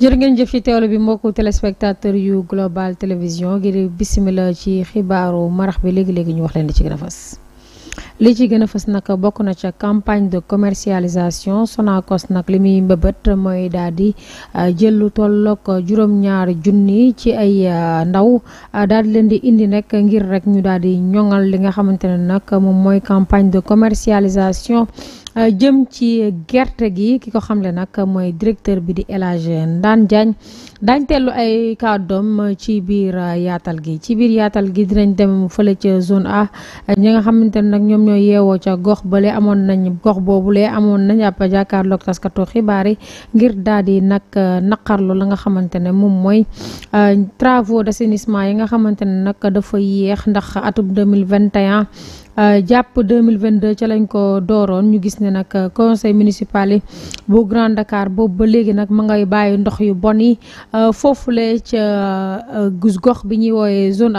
jër ngeen jëf ci teewlu bi mbokku téléspectateur yu global télévision ngir bisimila ci xibaaru marax bi léegi léegi ñu wax leen di ci gën a li ci gën a fës nag bokk na ca campagne de commercialisation Sonacos nag li muy mbëbët mooy daal di ah, jël lu tolloog juróom-ñaar junni ci ay ah, ndaw ah, daal di leen di indi nag ngir rek ñu daal di ñoŋal li nga xamante ne nag moom mooy campagne de commercialisation jëm ci gerte gi ki ko xamle nag mooy directeur bi di El Hadji Ndane Diagne daañ tellu ay kàddoom ci biir yaatal gi ci biir yaatal gi dinañ dem fële ca zone A ña nga xamante ne nag ñoom ñooy yeewoo ca gox bale amoon nañ gox boobu lee amoon nañ àpp jàkkaarloog taskatu xibaar yi ngir daal di nag naqarlu la nga xamante ne moom mooy euh, travaux d'assainissement yi nga xamante ne nag dafa yéex ndax atum 2021 Euh, jàpp 2022 ca lañ ko dooroon ñu gis ne nag euh, conseil municipal yi bu Grand Dakar boobu ba léegi nag ma ngay bàyyi ndox yu bon yi foofu euh, foofule ca gus gox bi ñuy wooyee zone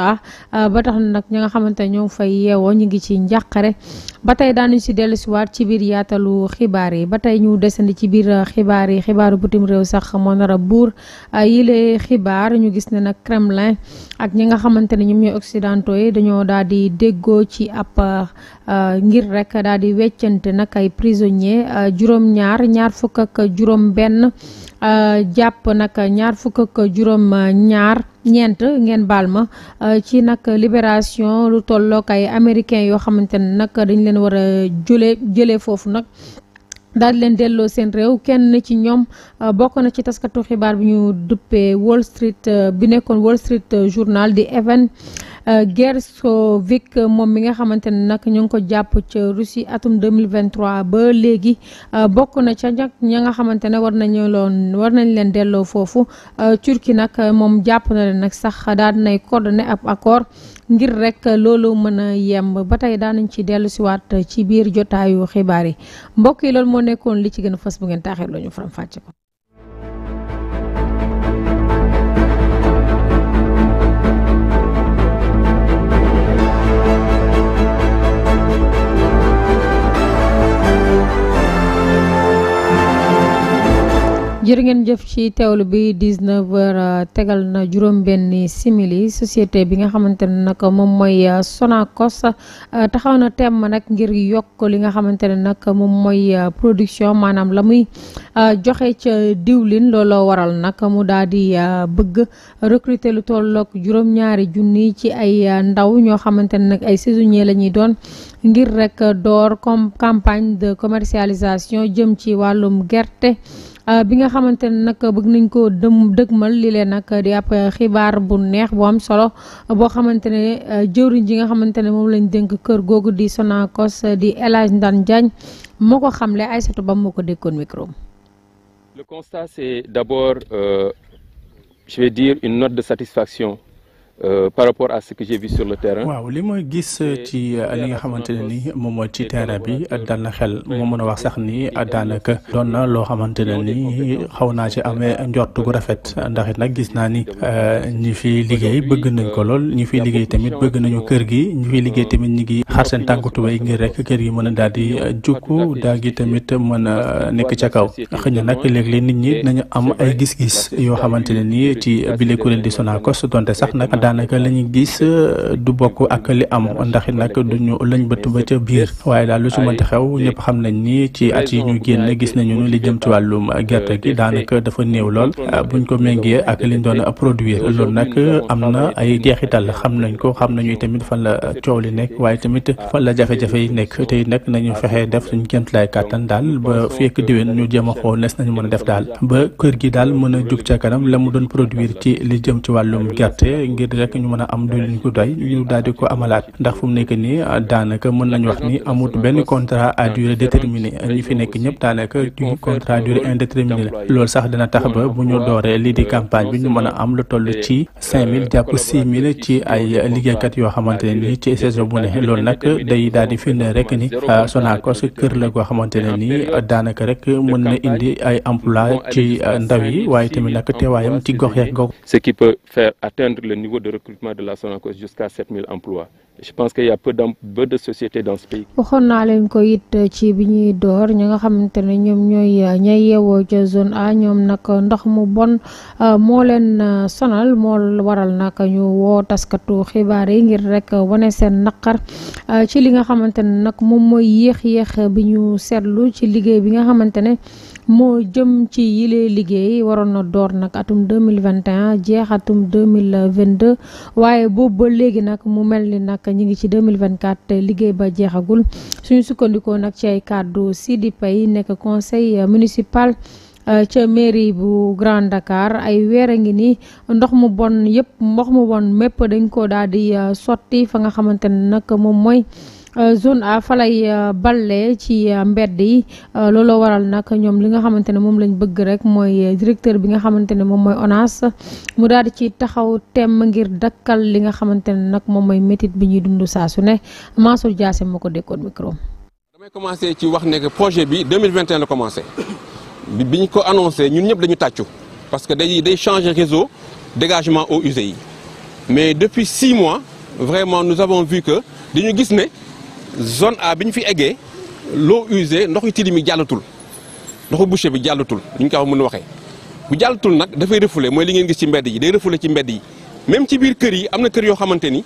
A ba tax na nag ñi nga xamante ne ñoo fay yeewoo ñu ngi ci njàqare ba tey daanuñ si dellusiwaat ci biir yaatalu xibaar yi ba tey ñu desandi ci biir xibaar yi xibaaru bitim réew sax moo nar a buur yile xibaar ñu gis ne nag Kremlin ak ñi nga xamante ne ñoom ñooy yi dañoo daal di déggoo ci ab euh, ngir rek daal di weccante nag ay prisonniers euh, juróom-ñaar ñaar fukk ak juróom-benn euh, jàpp nag ñaar fukk ak juróom-ñaar. ñeent ngeen baal ma ci nag libération lu tollook ay américains yoo xamante ne nag dañ leen war a jële jëlee foofu nag daal di leen delloo seen réew kenn ci ñoom euh, bokk na ci taskatu xibaar bi ñu duppee Wall Street euh, bi nekkoon Wall Street euh, Journal di Evan Euh, Gersovic moom mi nga xamante ne nag ñu ngi ko jàpp ca Russie atum 2023 ba léegi euh, bokk na ca nag ña nga xamante ne war nañu loon war nañ leen delloo foofu euh, Turquie nag moom jàpp na leen nag sax daal dinay coordonné ab accord ngir rekk loolu mën a yemb ba tey daanañ ci dellu siwaat ci biir jotaayu xibaar yi mbokk yi loolu moo nekkoon li ci gën a fës bu ngeen taaxee loo ñu faram ko jërë ngeen jëf ci teewlu bi 19h euh, tegal na juróom-benni simili société bi nga xamante na nag moom mooy euh, Sonacos euh, taxaw na temm nag ngir yokk li nga xamante ne nag moom mooy production maanaam la muy joxe ca diwlin looloo waral nag mu daal di bëgg recruter lu tolloog juróom-ñaari junni ci ay ndaw ñoo xamante ne nag ay saisonniers la ñuy doon ngir rek door comme campagne de commercialisation jëm ci wàllum gerte. Euh, bi nga xamante ne nag bëgg nañ koo dëm dëgmal li leen nag di ab xibaar bu neex bu am solo boo xamante ne euh, jëwriñ ji nga xamante ne lañ dénk kër googu di Sonacos euh, di El Hadj Ndane Diagne moo ko xamle Aïssatou Ba micro Le constat c'est d'abord euh, je vais dire une note de satisfaction Euh, par rapport à ce que j'ai vu sur le terrain. waaw li moy gis euh, ci euh, li nga xamantene ni moom mooy ci terrain bi dal na xel moo mën wax sax ni daanaka don na lo xamantene ni xawna ci amee njort gu rafet ndax nak gis na ni ñi fi liggéey bëgg nañ ko lool ñi fi liggéey tamit bëgg nañu kër gi ñi fi liggéey tamit ñi ngi xar seen tànk tubéy ngir rek kër gi mën a di jukku daal tamit mën a ci kaw xëy na nag nit ñi nañu am ay gis-gis yo xamantene ni ci bile kuréel di Sonacos donte sax nak daanaka la ñu gis euh, du bokk ak li am ndax nag duñu lañ bëtt ba ca biir waaye daal lu ci mënti xew ñëpp xam nañ ni ci at yi ñu génn gis nañu ni li jëm ci wàllum gerte gi daanaka dafa néew lool euh, buñ ko méngee ak liñ doon produire loolu nag euh, am na ay jeexital xam nañ ko xam nañu tamit fan la coow li nekk waaye tamit fan la jafe yi nekk tey nag nañu fexe def suñ gént lay kàttan daal ba fekk diwén ñu jéem a xool mën a def daal li jëm ci wàllum gerte ngir rek ñu mëna am doole ñu ko doy ñu daal di ko amalaat ndax fu mu nekk nii daanaka mën nañu wax ni amut benn contrat à durée déterminée ñi fi nekk ñëpp daanaka du contrat durée indéterminée la loolu sax dina tax ba bu ñu dooree lii di campagne bi ñu mën a am lu toll ci cinq mille jàpp six mille ci ay liggéeykat yoo xamante ne nii ci saison bu ne loolu nag day daal di firnde rek ni ah, Sonacos kër la goo xamante ne nii daanaka rek mën na indi ay emploi ci ndaw yi waaye tamit nag teewaayam ci gox yeeg gox. Ce qui peut faire atteindre le niveau de recrutement de la Sonacos jusqu'à 7000 emplois je pense qu'il y a peu, peu de sociétés dans ce pays. Waxon na len ko it euh, ci biñuy ñuy door ñi nga xamante ne ñoom ñooy euh, ña zone A ñom nak euh, ndox mu bon mo len sonal mo waral nak ñu wo taskatu xibaar yi ngir rek woné sen nakar ci li nga xamantene nak mom moy yex yex biñu setlu ci liggéey bi nga xamantene moo jëm ci yile liggéey waroon na door nag atum mille 2021 jeex atum deux waaye boobu ba léegi nag mu mel ni nag ñi ngi ci mille 2024 te liggéey ba jeexagul suñu sukkandikoo nag ci ay kàddu Sidi Paye nekk conseil municipal euh, ca mairie bu Grand Dakar ay weer a ngi nii ndox mu bon yëpp ndox mu bon mépp dañ ko daal di euh, sotti fa nga xamante ne nag moom mooy Euh, zone A fa lay euh, balle ci euh, mbedd yi looloo waral nak ñom li nga xamantene mom lañ bëgg rek moy directeur bi nga xamantene mom moy mooy ONAS mu daal ci taxaw temm ngir dakkal li nga xamantene nak mom moom mooy métit bi ñuy dundu sa su ne Mansour Diassé mako ko micro damay commencé ci wax ne que projet bi 2021 la commencé biñ ko annoncé ñun ñëpp dañu tàccu parce que day day changer réseau dégagement eau usée yi mais depuis 6 mois vraiment nous avons vu que dañu gis ne zone A bi ñu fi eggee l'eau usée ndoxu tilim yi jàllatul ndoxu bouché bi jàllatul li ñu ko mën a waxee bu jàllatul nag dafay refoulé mooy li ngeen gis ci mbedd yi day refoulé ci mbedd yi même ci biir kër yi am na kër yoo xamante ni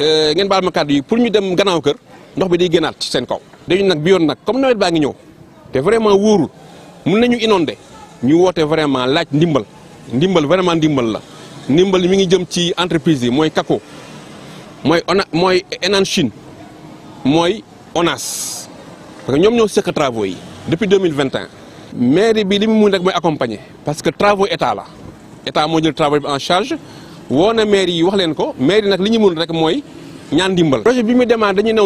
euh, ngeen baal ma kàddu yi pour ñu dem gannaaw kër ndox bi day gënaat ci seen kaw. dañu nag bi yoon nag comme nawet baa ngi ñëw te vraiment wóorul mun nañu inondé ñu woote vraiment laaj ndimbal ndimbal vraiment ndimbal la ndimbal mi ngi jëm ci entreprise yi mooy Kako mooy mooy Enan Moi, ONAS parce que ñoom ñoo depuis 2021. Mais mairie accompagner parce que travaux travail est là. de travail travaux en charge On na mairie yi wax mairie rek dimbal.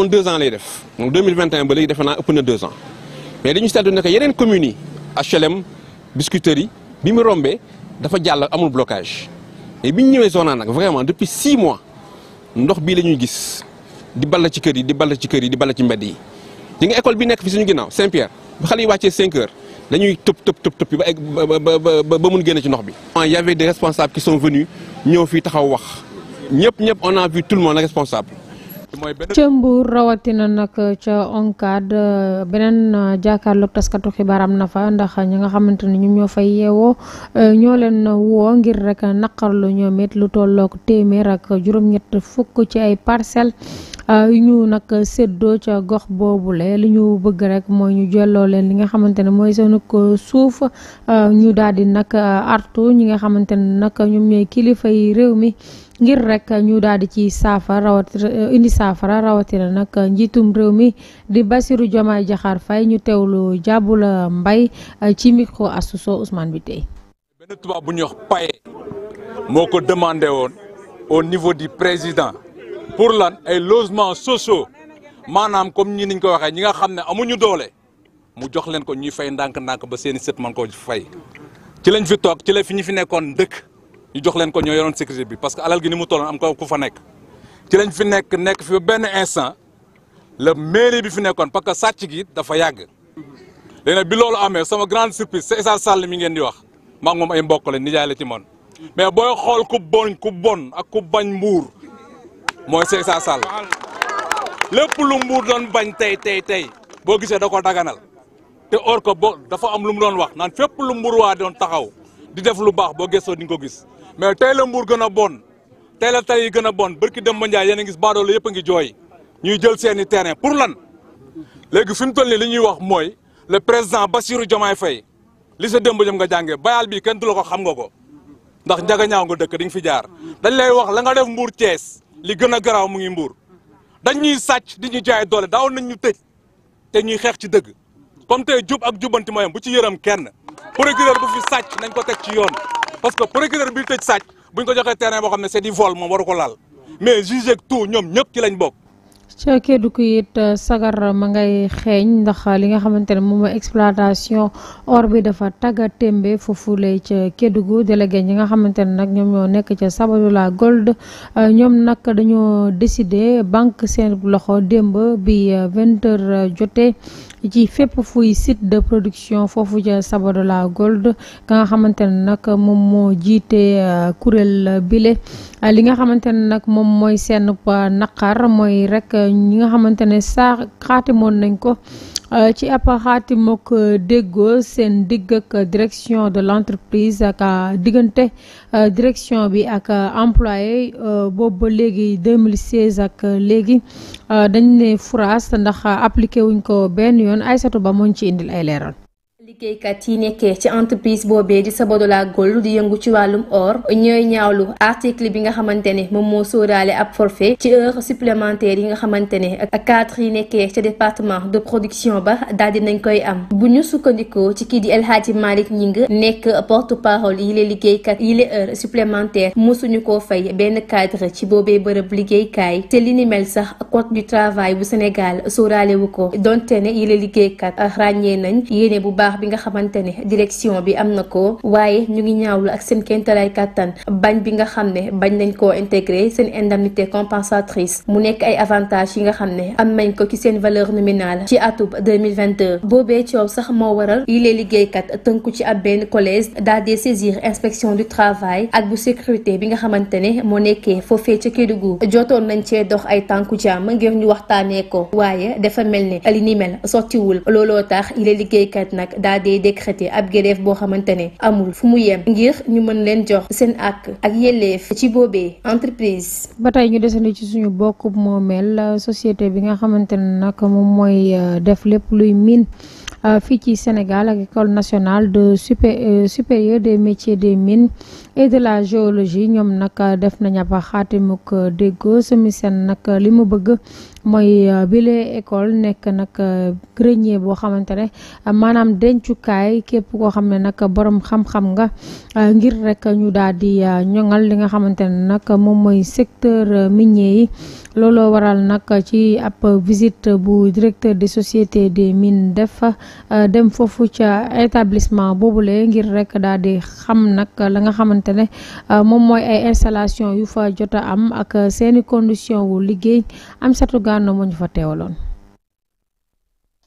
deux ans lay def donc deux ans mais dañu seetlu yeneen HLM Biscuiterie yi nous avons blocage et nous, vraiment depuis six mois nous avons la di ball ci kër yi di ball ci kër yi di ball ci mbedd yi di nga école bi nekk fi suñu ginnaaw saint pierre ba xale yi wàccee 5 heures dañuy tëb tëb tëb tëb ba ba ba ba mun génn ci ndox bi. il ah, y avait des responsables qui sont venus ñëw fii taxaw wax ñëpp ñëpp on a vu tout le monde responsable. ca mbuur rawatina nag ca oncad beneen jàkkaarloog taskatu xibaar am na fa ndax ñi nga xamante ne ñoom ñoo fay yeewoo ñoo leen woo ngir rek naqarlu ñoom it lu tolloog téeméer ak juróom-ñett fukk ci ay parcelles. yu ah, ñu nag seddoo ca gox boobule li ñu bëgg rek mooy ñu jolloo leen li nga xamante ne mooy seen ko suuf ah, ñu daal di nag ah, artu ñi nga xamante ne nag ñoom ñooy kilifa yi réew mi ngir rek ñu daal di ci saafara rawati eh, indi saafara rawatina nag njiitum réew mi di Bassirou Diomaye Diakhar fay ñu teewlu Diaboula mbay eh, ci micro Astou Sow Ousmane bi tey benn tubaab bu ñuy wax moo ko demandé woon au niveau du président pour lan ay losements sociaux maanaam comme ñi niñ ko waxee ñi nga xam ne amuñu doole mu jox leen ko ñuy fay ndànk-ndànk ba seen i sët man ko fay ci lañ fi toog ci la fi ñu fi nekkoon dëkk jox leen ko ñoo yoroon sécurité bi parce que alal gi ni mu tolloon am ko fa nekk ci lañ fi nekk nekk fi benn instant la mairie bi fi nekkoon parce que sàcc gi dafa yàgg léegi bi loolu amee sama grande surprise c'est Issa Sall mi ngeen di wax maa ngi moom ay mbokk la nijaay la ci moon mais booy xool ku bon ku bon ak ku bañ mbuur mooy Seydou Sall lépp lu mbuur doon bañ tey tey tey boo gisee da ko daganal te or ko bo dafa am lu mu doon wax naan fépp lu mbuur waa doon taxaw di def lu baax boo gëstoo di nga ko gis mais tey la mbuur gën a bon tey la tey yi gën bon barki dem ba Ndiaye gis baadoo la ngi jooy ñuy jël seeni terrain pour lan léegi fi mu li ñuy wax mooy le président Bassirou Diomaye Faye li sa démb jëm nga jàngee bayal bi kenn du la ko xam nga ko ndax njagañaaw nga dëkk di nga fi jaar dañ lay wax la nga def mbuur Thiès li gën a garaaw mu ngi mbuur dañ ñuy sàcc di ñu jaay doole daawoon nañ ñu tëj te ñuy xeex ci dëgg comme tey jub ak jubanti mooyam bu ci yërëm kenn procureur bu fi sàcc nañ ko teg ci yoon parce que procureur bi tëj sàcc buñ ko joxee terrain boo xam ne c'est du vol moom waru ko laal mais juge tout ñoom ñëpp ci lañ bokk ca Kédougou it euh, sagar ma ngay xeeñ ndax li nga xamante ne moom mooy exploitation or bi dafa tagga témbe foofu lay ca Kédougou délégué ñi nga xamante ne nag ñoom ñoo nekk ca Sabodala Gold euh, ñoom nag dañoo décider banque seen loxo démb bi euh, vingt heures jotee ci fépp fuy site de production foofu ca Sabodala Gold nga xamante ne nag moom moo jiite kuréel bile Euh, li nga xamante ne nag moom mooy seen euh, naqar mooy rek euh, ñi nga xamante ne saa xaatimoon nañ ko ci ab xaatimok déggoo seen digg ak direction de l'entreprise ak diggante direction bi ak employé boobu ba léegi 2016 ak léegi dañ ne France ndax appliqué wuñ ko benn yoon Aïssatou Ba mooñ ci indil ay leeral liggéeykat yi nekkee ci entreprise boobee di sabodola Gold di yëngu ci wàllum or ñooy ñaawlu article bi nga xamante ne moom moo sóoraale ab forfait ci heure supplémentaire yi nga xamante ne ak cadre yi nekkee ca département de production ba daal di nañ koy am bu ñu sukkandikoo ci kii di El Hadji Malik Ñing nekk porte parole yi la liggéeykat yi la heure supplémentaire mosuñu koo fay benn cadre ci boobee bërëb liggéeykaay te li ni mel sax code du travail bu Sénégal sóoraale wu ko donte ne yi la liggéeykat ràññee nañ yéene bu baax bi nga xamantene direction bi amna ko waye ñu ngi ñaawlu ak seen kentalay kàttan bañ bi nga xamne bañ nañ seen indemnité compensatrice mu nekk ay avantages yi nga xamne am nañ ko ci seen valeur nominale ci atub 2022 boobee coow sax mo waral yile kat teunku ci ab ben collège daal saisir inspection du travail ak bu sécurité bi nga xamantene mo nekké fofé ci ca Kédougou nañ ci dox ay tànku jàmm ngir ñu waxtaanee ko waye dafa melni ali ni mel wul lolo tax kat nak daal décrété décréter ab grève bo amul fumu ngir ñu mën leen jox seen ak ak yelleef ci bobé entreprise. batay ñu desandi ci suñu bokk moomeel société bi nga xamante nak nag moy euh, def luy Euh, fii ci Sénégal ak école nationale de supé euh, supérieur des métiers des mines et de la géologie ñoom nag euh, def nañ ab xaatimuk déggoo semi seen nag li mu bëgg mooy bile école nekk nag grenier boo xamante ne maanaam dencukaay képp koo xam ne nag borom xam-xam nga ngir rek ñu daal di ñoŋal li nga xamante ne nag moom mooy secteur minier yi looloo waral nag ci ab visite bu directeur des société des mines def Euh, dem foofu ca établissement la ngir rek daal di xam nag la nga xamante ne euh, moom mooy ay installation yu fa jot a am ak seeni condition wu liggéey am satu gànnaaw moo ñu fa teewaloon.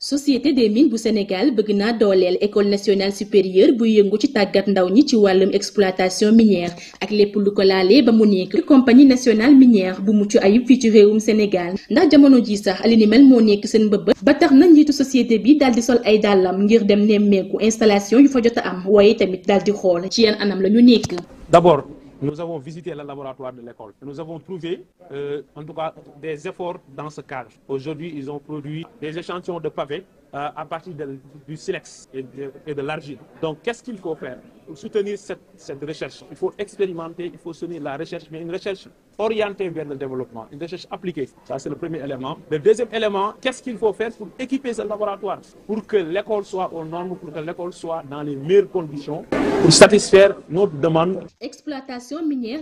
société des mines bu Sénégal bëgg naa dooleel école nationale supérieure buy yëngu ci tàggat ndaw ñi ci wàllum exploitation minière ak lépp lu ko laalee ba mu nekk compagnie nationale minière bu mucc ayib fii ci réewum Sénégal ndax jamono ji sax li mel moo nekk seen mbëbët ba tax na njiitu société bi daal di sol ay dàllam ngir dem nemmeeku installation yu fa jot a am waaye tamit daal di xool ci yan anam la ñu nekk. d'abord Nous avons visité le laboratoire de l'école. Nous avons trouvé, euh, en tout cas, des efforts dans ce cadre. Aujourd'hui, ils ont produit des échantillons de pavés euh, à partir du silex et de, et de l'argile. Donc, qu'est-ce qu'il faut faire pour soutenir cette, recherche, il faut expérimenter, il faut soutenir la recherche, mais une recherche orientée vers le développement, une recherche appliquée. Ça, c'est le premier élément. Le deuxième élément, qu'est-ce qu'il faut faire pour équiper ce laboratoire Pour que l'école soit aux normes, pour que l'école soit dans les meilleures conditions, pour satisfaire notre demande. Exploitation minière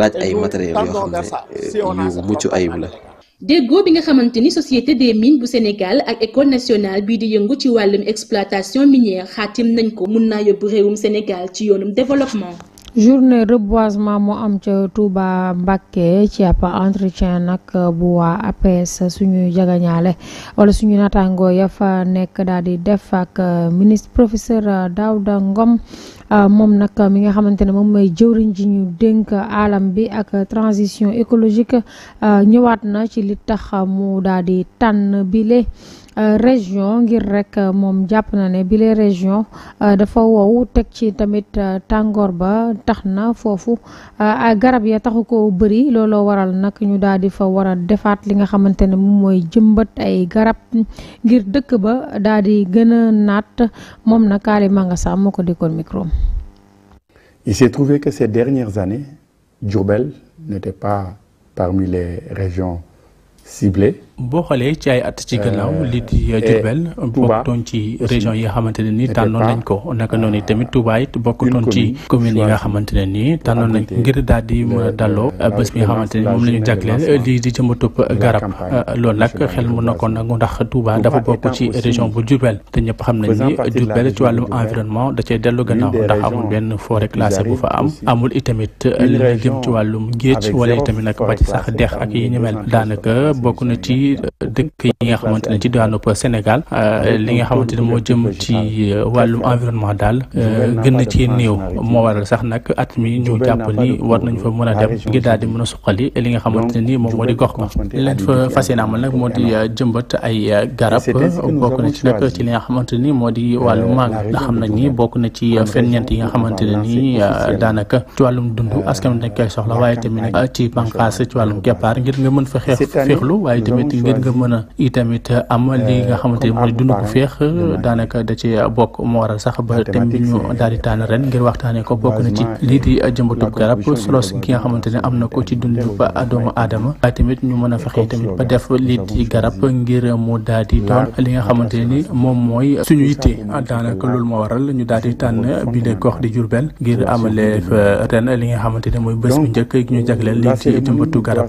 laaj ay matériels yoo xam ne euh, yu mucc ayib la. déggo bi nga xamante ni société des mines bu Sénégal ak école nationale bii di yëngu ci wàllum exploitation minière xaatim nañ ko mun naa yóbbu réewum Sénégal ci yoonum développement. journée reboisement moo am ca Touba Mbacké ci ab entretien nag bu waa APS suñu jagañaale wala suñu naataango yafa nekk daal di def ak euh, ministre professeur euh, Daouda Ngom euh, moom nag mi nga xamante ne moom mooy jëwriñ jiñu ñu dénk alam bi ak transition écologique ñëwaat na ci li tax mu daal di tànn bile. Euh, région ngir rek euh, mom japp na bi bile région euh, dafa wow tek ci tamit tangor ba taxna fofu garab ya taxu ko bëri waral nak ñu daal di fa wara a defaat li nga xamantene Mom moy jëmbat ay garab ngir dëkk ba daal di nat mom na manga Mangasa moo ko micro Il s'est trouvé que ces dernières années, Djourbel n'était pas parmi les régions ciblées. boo xoolee ci ay at ci gannaaw euh, lii di Diourbel bokkutoon ci région yi nga xamante ne nii tànnoon nañ ko naka noonu tamit Touba it bokkutoon ci commune yi nga xamante ne nii tànnoon nañ ngir daal di mën a dalloo bés bi nga xamante moom la ñu jagleel lii di jëmbatub garab euh, loolu nag xel mu na ko nangu ndax Touba dafa bokk ci région bu Diourbel te ñëpp xam nañ ni Diourbel ci wàllum environnement da cay dellu gannaaw ndax amul benn forêt classée bu fa am amul itamit li jëm ci wàllum géej wala itamit nag ba ci sax dex ak yi ñu mel dëkk yi nga xamante ne ci diwaanu Sénégal euh, li nga xamante ne moo jëm ci euh, wàllum environnement daal euh, gën na ci néew moo waral sax nag at mi ñu jàpp ni war nañ fa mën a dem ngir daal di mën a suqali li nga xamante ni moom moo di gox ba leen fa fas yéene amal nag moo di jëmbat ay garab bokk na ci nag ci li nga xamante ni moo di wàllum màng ndax xam nañ ni bokk na ci ferñeent yi nga xamante ni daanaka ci wàllum dund askan dañ koy soxla waaye tamit nag ci bànqaas ci wàllum keppaar ngir nga mën fa xeex waaye tamit ngir nga mën a itamit am euh, li nga xamante ni mooy dund gu feex daanaka da ci bokk moo waral sax ba thème bi ñu daal di tànn ren ngir waxtaanee ko bokk na ci lii di jëmbatub garab solos gi nga xamante ne am na ko ci dund ba doomu aadama waaye tamit ñu mën a fexe tamit def lii di garab ngir mu daal di li nga xamante ni moom mooy suñu yitte daanaka loolu moo waral ñu daal di tànn bi de gox di Jurbel ngir amale ren li nga xamante ne mooy bés bu njëkk ñu euh, jagleel lii di jëmbatu garab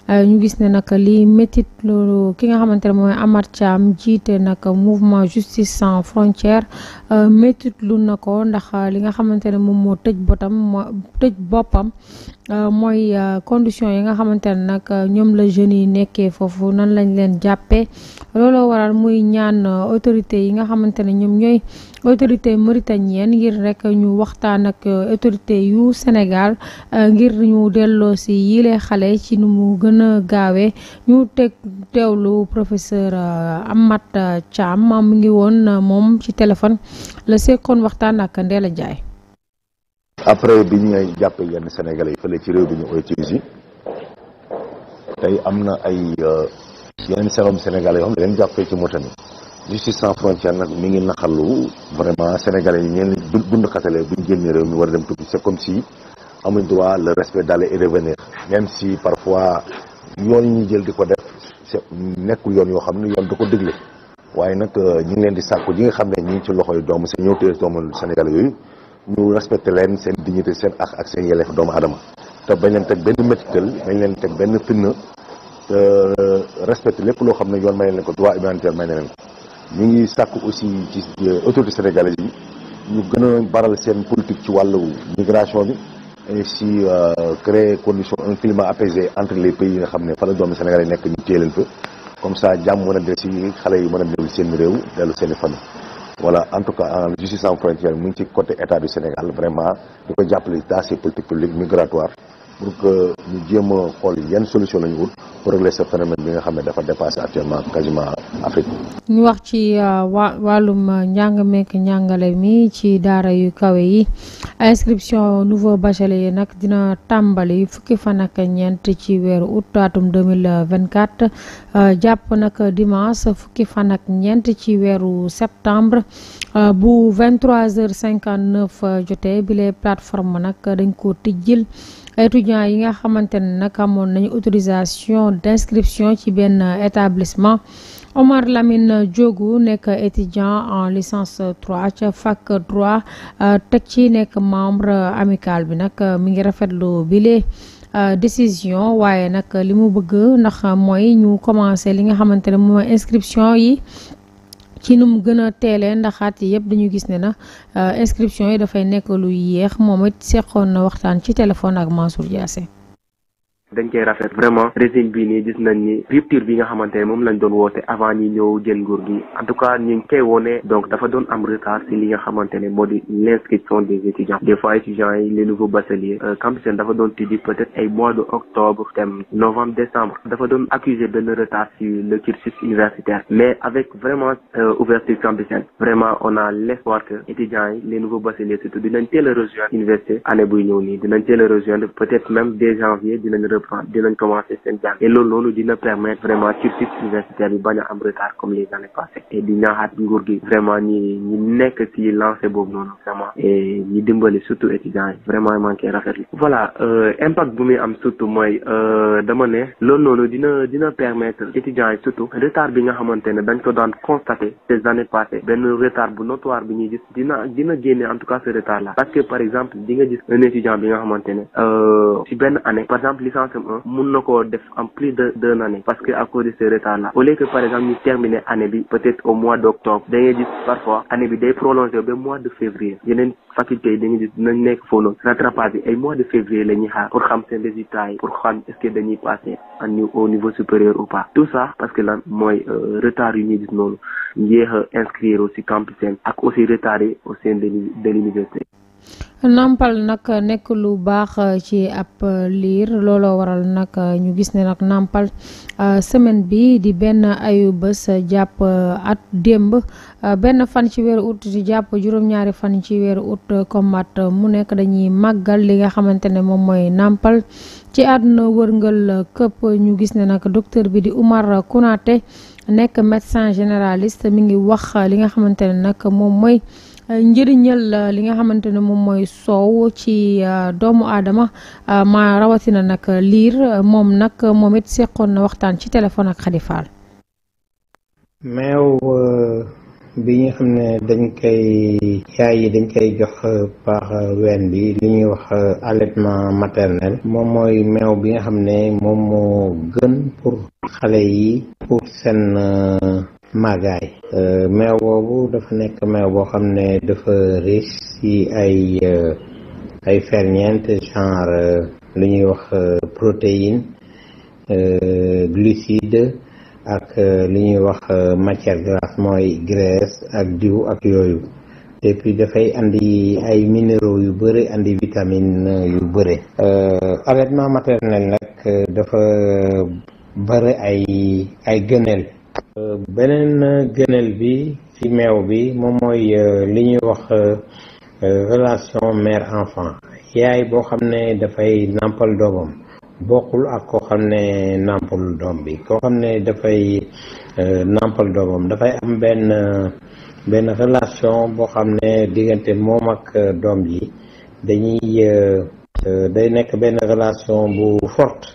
Euh, ñu gis ne nag lii métit loolu ki nga xamante ne mooy Amar Thiam jiite nag mouvement justice sans frontière euh, métit lu na ko ndax li nga xamante ne moom moo tëj botam moo boppam euh, mooy condition yi nga xamante ne nag ñoom la jeunes yi nekkee foofu nan lañ leen jàppee looloo waral muy ñaan autorité yi nga xamante ne ñoom ñooy autorité mauritanienne ngir rekk ñu waxtaan ak euh, autorité yu Sénégal euh, ngir ñu delloo si yile xale ci nu mu gën a gaawee ñu teg teewlu professeur euh, Amath Thiam mu ngi woon moom ci téléphone la sekkoon waxtaan ak Ndella Ndiaye. après bi ñu jàppee yenn Sénégalais yi fële ci réew bi ñu koy tey am na ay yeneen serom Sénégalais yoo xam leen jàppee ci Mauritanie justice sans frontière nag mi ngi naxalu vraiment sénégalais yi ñeen dund bund xatalee buñ génnee réew mi war a dem tukki c'est comme si amuñ droit le respect d'aller et revenir même si parfois yoon yi ñuy jël di ko def c'est nekkul yoon yoo xam ne yoon da ko dégle waaye nag euh, ñu ngi leen di sàkku ji nga xam ne ñi ngi ci loxo yu doomu seen ñëw téye doomu sénégalais yooyu ñu respecté leen seen dignité seen ak ak seen yelleef doomu adama te bañ leen teg benn métital bañ leen teg benn fitna euh, respecté lépp loo xam ne yoon may leen ko droit humanitaire may na leen ko ñu ngi sàkk aussi ci autorité sénégalaise yi ñu gën a baral seen politique ci wàllu migration bi ainsi euh, créer condition un climat apaisé entre les pays yi nga xam ne fa la doomi yi nekk ñu téye leen comme ça jàmm mën a del si xale yi mën a del seen réew dellu seen i famille voilà en tout cas en justice sans frontières mu ngi ci côté état du Sénégal vraiment di ko jàppale dans ses politiques publiques pour que ñu jéem a xool yan solution la ñu pour régler ce phénomène bi nga xam dafa dépassé actuellement quasiment Afrique. ñu wax ci euh, waa wàllum euh, njàng meek njàngale mi ci daara yu kawe yi inscription nouveau bachelier yi nag dina tàmbali fukki fan ak ñeent ci weeru août atum deux mille vingt quatre euh, jàpp nag dimanche fukki fan ak ñeent ci weeru septembre bu vingt trois cinquante neuf jotee bile plateforme nag dañ ko tijjil. étudiants yi nga xamantene nak nag amoon autorisation d'inscription ci ben établissement Omar Lamine Diogu nek étudiant en licence 3 ci fac droit euh, teg ci nek membre amical bi nak mi ngi rafetlu bile euh, décision waye nak limu bëgg nak moy ñu commencer li nga xamantene ne inscription yi ci nu mu gën a teelee ndaxaat yëpp dañu gis ne na euh, inscription yi dafay nekk luy yéex moom it seqoon na waxtaan ci téléphone ak Mansour Diassé dañ koy rafet vraiment régime bi nii gis nañ ni rupture bi nga xamante ne moom lañ doon woote avant ñi ñëw jël nguur gi en tout cas ñu ngi koy wone donc dafa doon am retard si li nga xamante ne moo di l'inscription des étudiants des fois étudiants yi les nouveaux bacheliers euh, Campusen dafa doon tiddi peut-être ay mois de octobre tem novembre décembre dafa doon accusé benn retard si le cursus universitaire mais avec vraiment euh, ouverture Campusen vraiment on a l'espoir que étudiants les nouveaux bacheliers surtout dinañ teel a rejoindre université année buy ñëw nii dinañ teel a rejoindre peut-être même dès janvier dinañ reprendre dinañ commencé seen jàng et loolu loolu dina permettre vraiment cursus universitaire bi bañ a am retard comme les années passées et di ñaaxaat nguur gi vraiment ñi ñi nekk ci lancé boobu noonu vraiment et ñi dimbali surtout étudiants vraiment manquer ngi voilà rafetlu voilà impact bu muy am surtout mooy euh, dama ne loolu noonu dina dina permettre étudiants surtout retard bi nga xamante ne dañ ko daan constater ces années passées benn retard bu notoire bi ñuy gis dina dina génne en tout cas ce retard là parce que par exemple di nga gis un étudiant bi nga xamante ne euh, ci benn année par exemple licence comme en plus de deux parce que à cause de ce retard là au lieu que par exemple nous terminions peut-être au mois d'octobre da parfois année bi day prolonger mois de février yeneen faculté yi gis qui nekk foofu rattrapage mois de février la pour xam seen résultat pour xam est-ce que au niveau supérieur ou pas tout ça parce que lan euh, retard nous inscrire aussi campus ak aussi retard au sein de l'université nàmpal nag nekk lu baax euh, ci ab euh, liir looloo waral nag euh, ñu gis ne nag nampal semaine bi di benn ayu bés jàpp at démb benn fan ci weeru août di jàpp juróom fan ci weeru août comme at mu nekk dañuy màggal li nga xamante ne moom mooy nàmpal ci àdduna wërngal këpp ñu gis ne nag docteur bi di umar Konaté nekk médecin généraliste mi ngi wax li nga xamante ne nag moom mooy njëriñal euh, li nga xamante ne moom mooy soow ci euh, doomu aadama euh, ma rawatina nag liir moom nag moom it seqoon na waxtaan ci téléphone ak Khady meew bi nga xam ne dañ koy yaay yi dañ koy jox par ween bi li ñuy wax allaitement maternel moom mooy meew bi nga xam ne moom moo gën pour xale yi pour seen màggaay euh, meew boobu dafa nekk meew boo xam ne dafa riche ci ay euh, ay ferñeent genre euh, lu ñuy wax protéine glucide ak lu ñuy wax matière grasse mooy graisse ak diw ak yooyu et puis dafay andi ay minéraux yu bëri andi vitamine yu bëri allaitement maternel nag dafa bëri ay ay gëneel je gënal bi ci bi moom mooy euh, li wax euh, euh, relation mère enfant yaay boo xam ne dafay nampal doomam bokkul ak koo xam ne doom bi koo xam ne dafay am relation boo xam ne diggante ak doom ji dañuy day nekk relation forte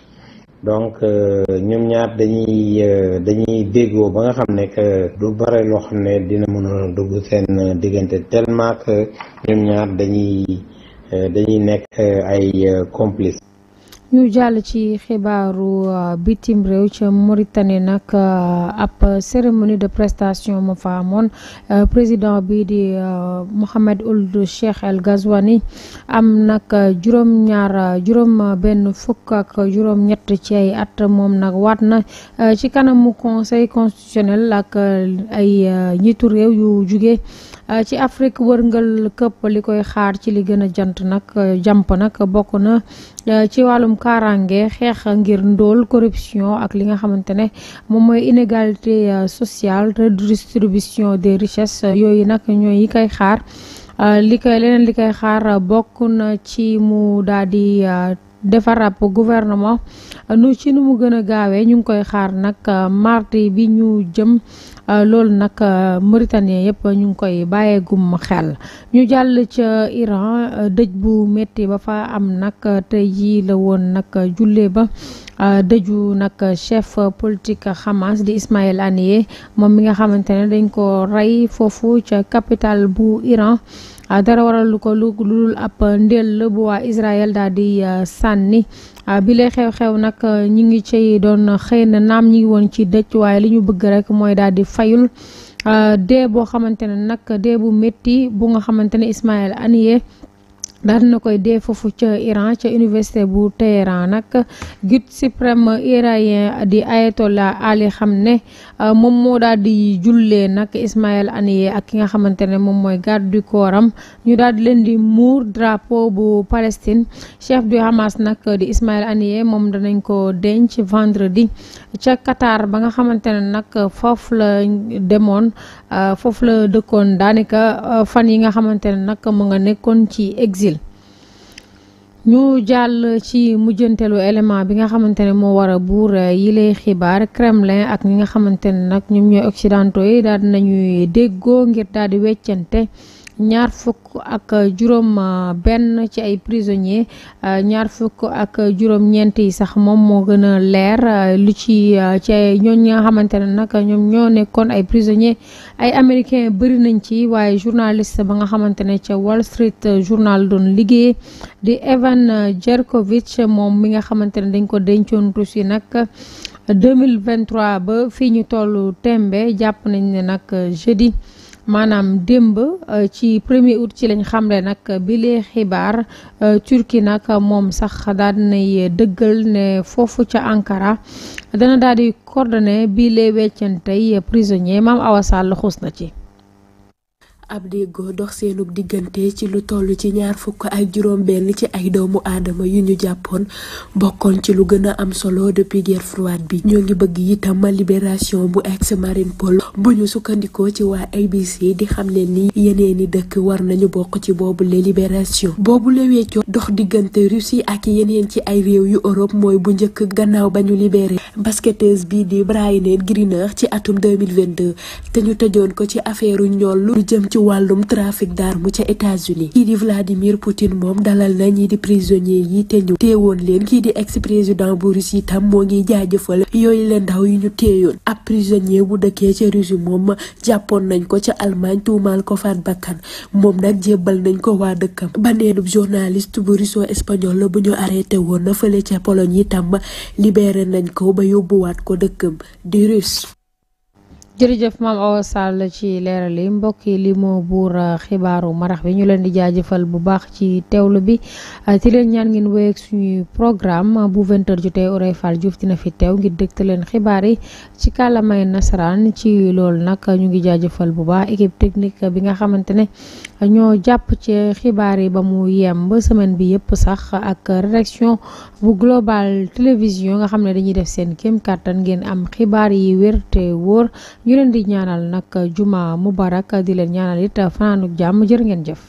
donc euh, ñoom ñaar dañuy euh, dañuy déggoo ba nga xam ne que du bare loo xam ne dina mën a dugg seen diggante tellement que ñoom dañuy euh, dañuy nekk ay complice ñu jàll ci xibaaru euh, bitim réew ca Mauritanie nag euh, ab cérémonie de prestation mu fa amoon euh, président bi di Mohamed Ould Cheikh El Ghazouani am nag juróom-ñaar juróom-benn fukk ak juróom-ñett ci ay at moom nag waat na ci kanamu conseil constitutionnel ak ay njiitu réew yu juge Euh, ci Afrique wërngal këpp li koy xaar ci li gën a jant nag euh, jàmp nag bokk na euh, ci wàllum kaaraange xeex ngir ndool corruption ak li nga xamante ne moom mooy inégalité sociale redistribution des richesses yooyu nag ñooy yi koy xaar li koy leneen li koy xaar bokk na ci mu daal di defar gouvernement nu ci nu mu gën a gaawee ñu ngi koy xaar nag mardi bi ñu jëm Euh, loolu nag euh, mauritanien yëpp ñu ngi koy bàyyeegum xel ñu jàll ca Iran euh, dëj bu metti ba fa am nag tey jii la woon nag julle ba dëju nag chef politique Hamas di Ismaël Haniyeh moom mi nga xamante ne dañ ko rey foofu ca capital bu Iran Ah, dara waralu ko lu dul ab ndel bu waa Israël daal di ah, sànni ah, bile xew-xew nag ñi ngi ci doon xëy na naam ñi ngi woon ci dëj waaye li ñu bëgg rek mooy daal di fayul dee boo xamante ne nag dee bu metti bu nga xamante ne Ismaël Haniyeh daal na koy dee foofu ca Iran ca université bu Téhéran nag guide suprême iranien di Ayatollah Ali ne euh, moom moo daal di jullee nag Ismaël Haniyeh ak ki nga xamante ne moom mooy garde du corps ñu daal di leen di muur drapeau bu Palestine chef du Hamas nag di Ismaël Haniyeh moom danañ ko denc vendredi ca Qatar ba nga xamante ne nag foofu la demoon euh, foofu la dëkkoon daanaka euh, fan yi nga xamante ne nag mu nga nekkoon ci exil ñu jàll ci mujjantelu élément bi nga xamante ne moo war a buur yi lay xibaar Kremlin ak ñi nga xamante ne nag ñoom ñooy yi daal di nañuy déggoo ngir daal di weccante ñaar fukk ak juróom euh, benn ci ay prisonniers euh, ñaar fukk ak juróom-ñeent yi sax moom moo gën a leer euh, lu ci ci ñooñ nga xamante ne nag ñoom ñoo nekkoon ay prisonniers ay américains bëri nañ ci waaye journaliste ba nga xamante ne ca Wall Street Journal doon liggéey di Evan Jerkovich moom mi nga xamante ne dañ ko dencoon Russie nag 2023 ba fii ñu tollu tembe jàpp nañ ne nag jeudi maanaam démb euh, ci premier août ci lañ xamle nag bile xibaar euh, Turquie nag moom sax daal dinay dëggal ne foofu ca Ankara dana daal di coordonné bile weccantey prisonnier maam Awa Sall xuus na ci. ab déggoo dox seenub diggante ci lu toll ci ñaar fukk ak juróom benn ci ay doomu aadama yu ñu jàppoon bokkoon ci lu gën a am solo depuis guerre froide bi ñoo ngi bëgg ma libération bu ex marine Paul bu ñu sukkandikoo ci waa ABC di xam ne ni yeneeni dëkk war nañu bokk ci boobu boobule libération boobule weccoo dox diggante Russie ak yeneen ci ay réew yu Europe mooy bu njëkk gannaaw ba ñu libéré basketteuse bii di Brianne Griner ci atum 2022 te ñu tëjoon ko ci affaire ñool lu jëm ci ci wàllum trafic d'armes ca États-Unis kii di Vladimir Poutine moom dalal na ñii di prisonnier yi te ñu teewoon leen kii di ex président bu Russie itam moo ngi jaajëfal yooyu la ndaw yu ñu teeyoon ab prisonnier bu dëkkee ca Russie moom jàppoon nañ ko ca Allemagne tuumaal ko faat bakkan moom nag jébbal nañ ko waa dëkkam baneenub journaliste bu russo espagnol la bu ñu arrêté na fële ca Pologne itam libéré nañ ko ba yóbbuwaat ko dëkkam di jërëjëf maam Awa ci leeral mbokki mbokk yi li moo buur uh, xibaaru marax bi ñu leen di jëfal bu baax ci teewlu bi ci uh, leen ñaan ngeen wéy ak suñuy programme uh, bu 20h jotee Ourey Fall Diouf dina fi teew ngir dégte leen xibaar yi ci kàllaamay nasaraan ci loolu nag ñu ngi jaajëfal bu baax équipe technique bi nga xamante ne ñoo jàpp ci xibaar yi ba mu yem ba semaine bi yëpp sax ak rédaction bu global télévision nga xam ne dañuy def seen kéem kàttan ngeen am xibaar yi wér te wóor ñu leen di ñaanal nag juma mubarak di leen ñaanal it fanaanuk jàmm jër ngeen jëf